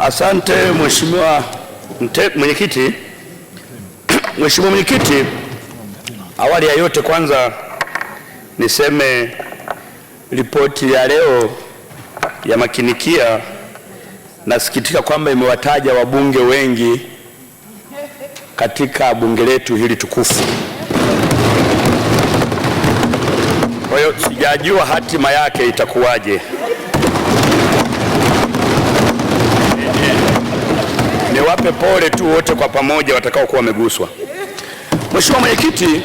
Asante mheshimiwa mwenyekiti. Mheshimiwa mwenyekiti, awali ya yote kwanza niseme ripoti ya leo ya makinikia, nasikitika kwamba imewataja wabunge wengi katika bunge letu hili tukufu. Kwa hiyo sijajua hatima yake itakuwaje. niwape pole tu wote kwa pamoja watakaokuwa wameguswa. Mheshimiwa Mwenyekiti,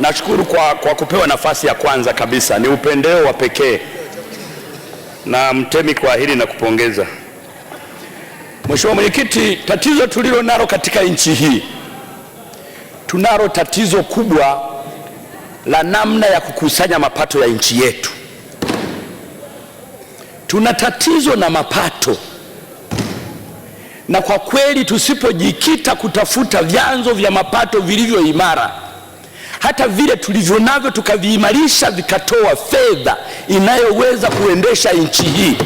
nashukuru kwa, kwa kupewa nafasi ya kwanza kabisa. Ni upendeo wa pekee na Mtemi, kwa hili na kupongeza. Mheshimiwa Mwenyekiti, tatizo tulilo nalo katika nchi hii, tunalo tatizo kubwa la namna ya kukusanya mapato ya nchi yetu. Tuna tatizo na mapato na kwa kweli tusipojikita kutafuta vyanzo vya mapato vilivyo imara, hata vile tulivyo navyo tukaviimarisha, vikatoa fedha inayoweza kuendesha nchi hii,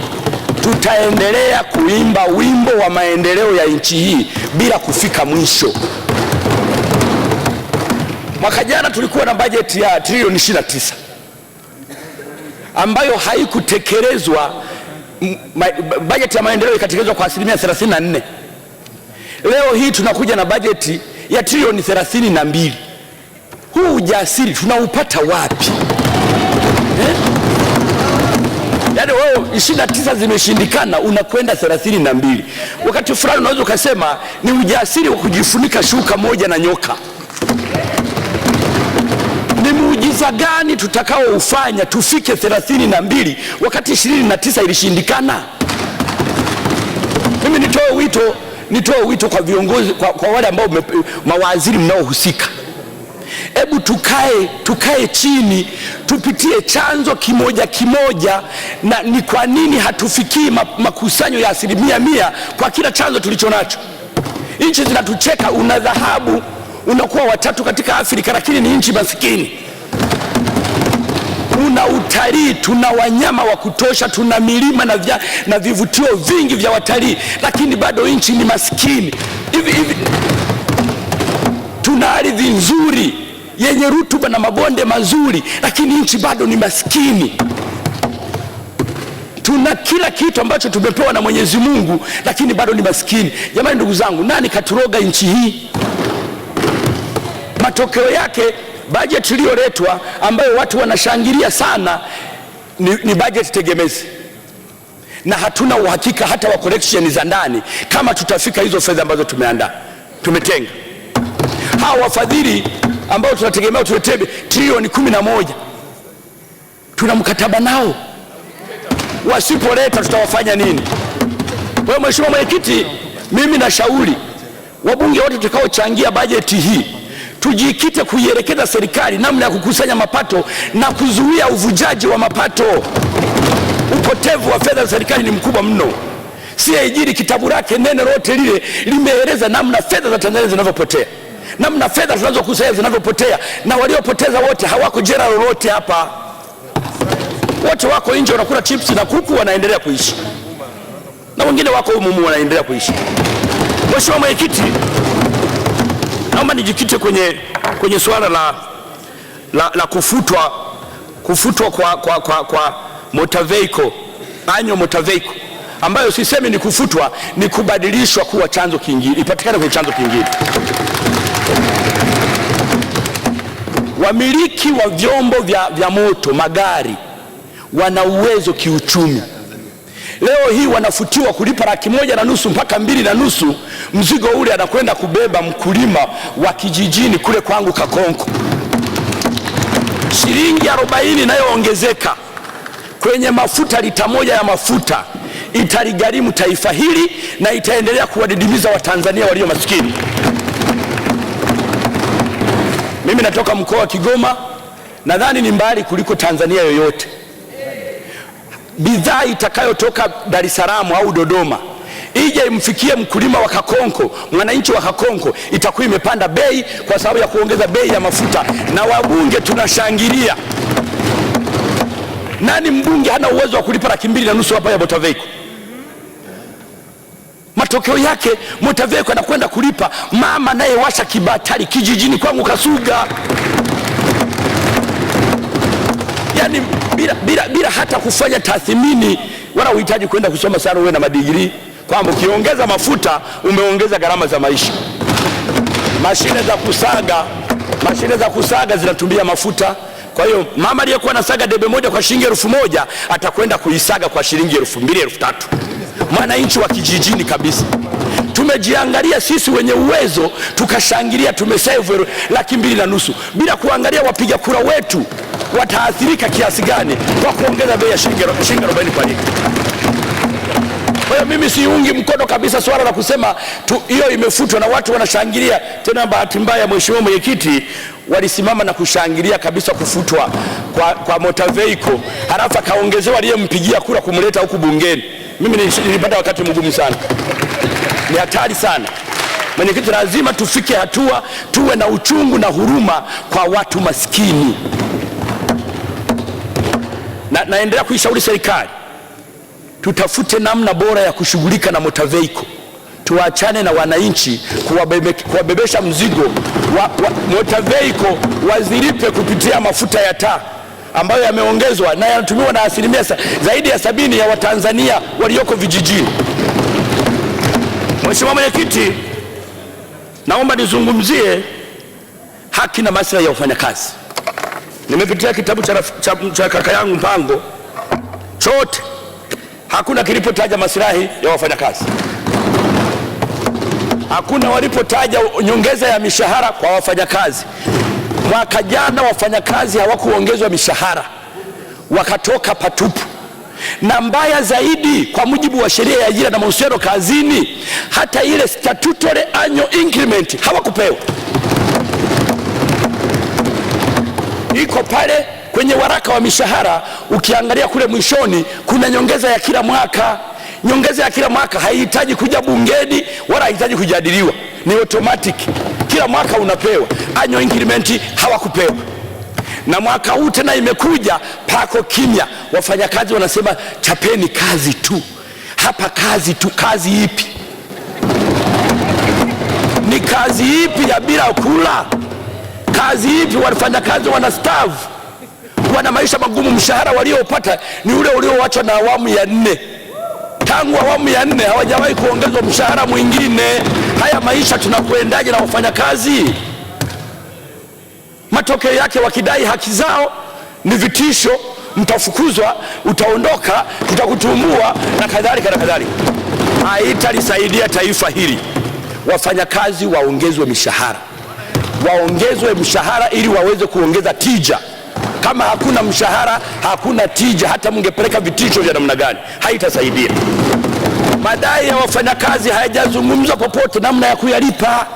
tutaendelea kuimba wimbo wa maendeleo ya nchi hii bila kufika mwisho. Mwaka jana tulikuwa na bajeti ya trilioni 29 ambayo haikutekelezwa. Bajeti ya maendeleo ikatekelezwa kwa asilimia 34. Leo hii tunakuja na bajeti ya trilioni thelathini na mbili. Huu ujasiri tunaupata wapi eh? Yaani wewe ishirini na tisa zimeshindikana unakwenda thelathini na mbili. Wakati fulani unaweza ukasema ni ujasiri wa kujifunika shuka moja na nyoka. Ni muujiza gani tutakaoufanya tufike thelathini na mbili wakati ishirini na tisa ilishindikana? Mimi nitoe wito nitoe wito kwa viongozi, kwa, kwa wale ambao mawaziri mnaohusika, hebu tukae tukae chini tupitie chanzo kimoja kimoja, na ni kwa nini hatufikii makusanyo ya asilimia mia kwa kila chanzo tulicho nacho. Nchi zinatucheka, una dhahabu unakuwa watatu katika Afrika, lakini ni nchi masikini tuna utalii, tuna wanyama wa kutosha, tuna milima na, vya, na vivutio vingi vya watalii, lakini bado nchi ni maskini hivi hivi. Tuna ardhi nzuri yenye rutuba na mabonde mazuri, lakini nchi bado ni maskini. Tuna kila kitu ambacho tumepewa na Mwenyezi Mungu, lakini bado ni maskini. Jamani ndugu zangu, nani katuroga nchi hii? Matokeo yake bajeti iliyoletwa ambayo watu wanashangilia sana ni, ni bajeti tegemezi na hatuna uhakika hata wa collection za ndani kama tutafika hizo fedha ambazo tumeandaa tumetenga. Hawa wafadhili ambao tunategemea tuletee trilioni kumi na moja tuna mkataba nao, wasipoleta tutawafanya nini? Kwa hiyo Mheshimiwa Mwenyekiti, mimi nashauri wabunge wote tutakaochangia bajeti hii tujikite kuielekeza serikali namna ya kukusanya mapato na kuzuia uvujaji wa mapato. Upotevu wa fedha za serikali ni mkubwa mno. CAG kitabu lake nene lote lile limeeleza namna fedha za Tanzania zinavyopotea, namna fedha tunazokusanya zinavyopotea, na waliopoteza wote hawako jela lolote hapa, wote wako nje, wanakula chips na kuku, wanaendelea kuishi, na wengine wako humu wanaendelea kuishi. Mheshimiwa Mwenyekiti, Naomba nijikite kwenye, kwenye suala la, la, la kufutwa, kufutwa kwa, kwa, kwa, kwa motaveiko anyo motaveiko ambayo sisemi ni kufutwa, ni kubadilishwa kuwa chanzo kingine, ipatikane kwenye chanzo kingine. Wamiliki wa vyombo vya, vya moto magari wana uwezo kiuchumi Leo hii wanafutiwa kulipa laki moja na nusu mpaka mbili na nusu. Mzigo ule anakwenda kubeba mkulima wa kijijini kule kwangu Kakonko, shilingi arobaini inayoongezeka kwenye mafuta, lita moja ya mafuta italigharimu taifa hili na itaendelea kuwadidimiza Watanzania walio masikini. Mimi natoka mkoa wa Kigoma, nadhani ni mbali kuliko Tanzania yoyote bidhaa itakayotoka Dar es Salaam au Dodoma ije imfikie mkulima wa Kakonko, mwananchi wa Kakonko, itakuwa imepanda bei kwa sababu ya kuongeza bei ya mafuta. Na wabunge tunashangilia. Nani mbunge hana uwezo wa kulipa laki mbili na nusu hapa ya Botaveko? Matokeo yake Botaveko anakwenda kulipa mama anayewasha kibatari kijijini kwangu Kasuga, yani bila, bila, bila hata kufanya tathmini wala uhitaji kwenda kusoma sana uwe na madigirii kwamba ukiongeza mafuta umeongeza gharama za maisha. Mashine za kusaga, mashine za kusaga zinatumia mafuta. Kwa hiyo mama aliyekuwa anasaga debe moja kwa shilingi elfu moja atakwenda kuisaga kwa shilingi elfu mbili elfu tatu Mwananchi wa kijijini kabisa tumejiangalia sisi wenye uwezo tukashangilia, tumesave laki mbili na nusu bila kuangalia wapiga kura wetu wataathirika kiasi gani kwa kuongeza bei ya shilingi 40 kwa lita. Kwa hiyo mimi siungi mkono kabisa swala la kusema hiyo imefutwa na watu wanashangilia. Tena bahati mbaya, mheshimiwa mwenyekiti, walisimama na kushangilia kabisa kufutwa kwa, kwa motor vehicle, halafu akaongezewa aliyempigia kura kumleta huku bungeni. Mimi nilipata wakati mgumu sana, ni hatari sana mwenyekiti, lazima tufike hatua tuwe na uchungu na huruma kwa watu maskini na, naendelea kuishauri serikali tutafute namna bora ya kushughulika na motaveiko Tuachane na wananchi kuwabebe, kuwabebesha mzigo wa, wa, MOTAVEICO wazilipe kupitia mafuta ya taa ambayo yameongezwa na yanatumiwa na asilimia zaidi ya sabini ya Watanzania walioko vijijini. Mheshimiwa Mwenyekiti, naomba nizungumzie haki na maslahi ya wafanyakazi. Nimepitia kitabu cha, cha, cha kaka yangu Mpango chote, hakuna kilipotaja masilahi ya wafanyakazi, hakuna walipotaja nyongeza ya mishahara kwa wafanyakazi. Mwaka jana wafanyakazi hawakuongezwa mishahara, wakatoka patupu na mbaya zaidi, kwa mujibu wa sheria ya ajira na mahusiano kazini, hata ile statutory annual increment hawakupewa iko pale kwenye waraka wa mishahara. Ukiangalia kule mwishoni, kuna nyongeza ya kila mwaka. Nyongeza ya kila mwaka haihitaji kuja bungeni wala haihitaji kujadiliwa, ni automatic, kila mwaka unapewa. anyo increment hawakupewa, na mwaka huu tena imekuja, pako kimya. Wafanyakazi wanasema chapeni kazi tu hapa, kazi tu. Kazi ipi? Ni kazi ipi ya bila kula? kazi ipi? Wafanyakazi wanastaafu, wana maisha magumu, mshahara waliopata ni ule ulioachwa na awamu ya nne. Tangu awamu ya nne hawajawahi kuongezwa mshahara mwingine. Haya maisha tunakwendaje na wafanyakazi? Matokeo yake wakidai haki zao ni vitisho, mtafukuzwa, utaondoka, tutakutumbua na kadhalika na kadhalika. Haitalisaidia taifa hili. Wafanyakazi waongezwe mishahara waongezwe mshahara ili waweze kuongeza tija. Kama hakuna mshahara, hakuna tija. Hata mngepeleka vitisho vya namna gani, haitasaidia. Madai ya wafanyakazi hayajazungumzwa popote, namna ya kuyalipa.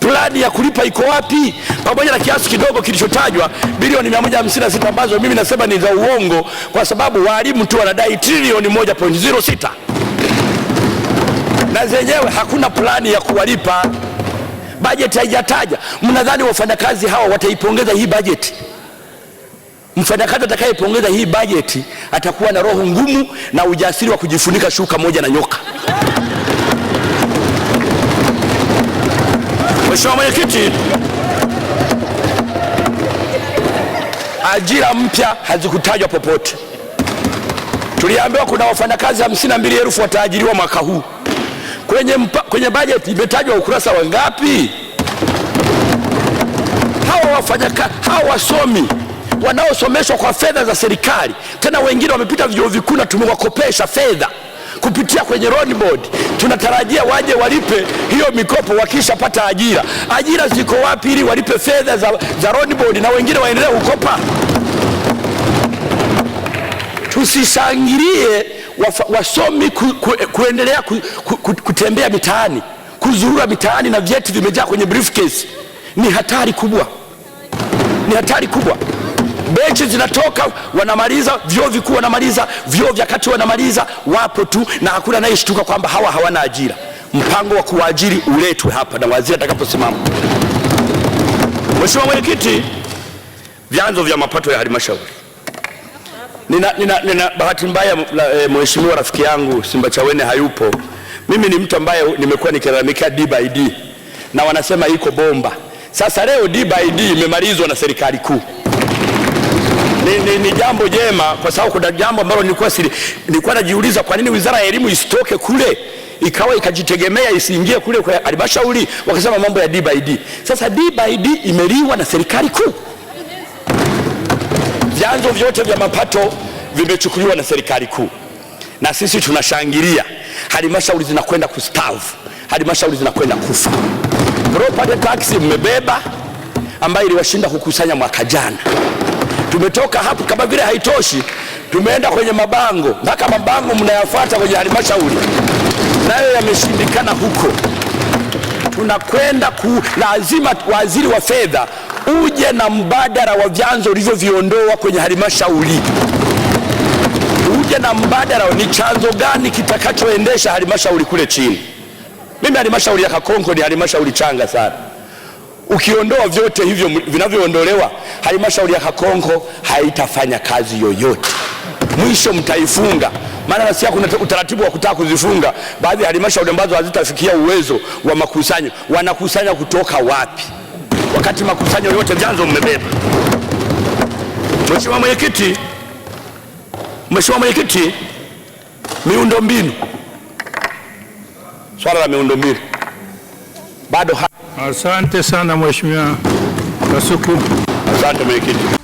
Plani ya kulipa iko wapi? Pamoja na kiasi kidogo kilichotajwa bilioni 156 ambazo mimi nasema ni za uongo, kwa sababu walimu tu wanadai trilioni 1.06 na zenyewe hakuna plani ya kuwalipa bajeti haijataja. Mnadhani wafanyakazi hawa wataipongeza hii bajeti? Mfanyakazi atakayepongeza hii bajeti atakuwa na roho ngumu na ujasiri wa kujifunika shuka moja na nyoka. mweshimua Mwenyekiti, ajira mpya hazikutajwa popote. Tuliambiwa kuna wafanyakazi hamsini na mbili elfu wataajiriwa mwaka huu kwenye, mpa, kwenye bajeti imetajwa ukurasa wa ngapi? Hawa wafanyakazi hawa wasomi wanaosomeshwa kwa fedha za serikali, tena wengine wamepita vyuo vikuu na tumewakopesha fedha kupitia kwenye road board, tunatarajia waje walipe hiyo mikopo wakishapata ajira. Ajira ziko wapi ili walipe fedha za, za road board na wengine waendelee kukopa? Tusishangilie wasomi ku, ku, kuendelea ku, ku, kutembea mitaani kuzurura mitaani na vyeti vimejaa kwenye briefcase. Ni hatari kubwa, ni hatari kubwa. Bechi zinatoka wanamaliza vyuo vikuu, wanamaliza vyuo vya kati, wanamaliza wapo tu, na hakuna anayeshtuka kwamba hawa hawana ajira. Mpango wa kuwaajiri uletwe hapa na waziri atakaposimama. Mheshimiwa Mwenyekiti, vyanzo vya mapato ya halmashauri Nina, nina, nina bahati mbaya e, mheshimiwa rafiki yangu Simbachawene hayupo. Mimi ni mtu ambaye nimekuwa nikilalamikia D by D na wanasema iko bomba. Sasa leo D by D imemalizwa na serikali kuu. Ni, ni, ni jambo jema kwa sababu kuna jambo ambalo nilikuwa sili, nilikuwa najiuliza kwa nini wizara ya elimu isitoke kule ikawa ikajitegemea isiingie kule kwa halmashauri, wakasema mambo ya D by D. Sasa D by D imeliwa na serikali kuu. Vyanzo vyote vya mapato vimechukuliwa na serikali kuu, na sisi tunashangilia. Halmashauri zinakwenda kustavu, halmashauri zinakwenda kufa. Property tax mmebeba, ambayo iliwashinda kukusanya mwaka jana. Tumetoka hapo, kama vile haitoshi, tumeenda kwenye mabango, mpaka mabango mnayafuata kwenye halmashauri, nayo yameshindikana huko. Tunakwenda ku lazima waziri wa fedha uje na mbadala wa vyanzo ulivyoviondoa kwenye halmashauri, uje na mbadala. Ni chanzo gani kitakachoendesha halmashauri kule chini? Mimi halmashauri ya Kakonko ni halmashauri changa sana. Ukiondoa vyote hivyo vinavyoondolewa, halmashauri ya Kakonko haitafanya kazi yoyote. Mwisho mtaifunga, maana nasikia kuna utaratibu wa kutaka kuzifunga baadhi ya halmashauri ambazo hazitafikia uwezo wa makusanyo. Wanakusanya kutoka wapi? wakati makusanyo yote vyanzo mmebeba. Mheshimiwa Mwenyekiti, Mheshimiwa Mwenyekiti, miundombinu, swala la miundombinu bado. ha Asante sana Mheshimiwa Kasuku. Asante Mwenyekiti.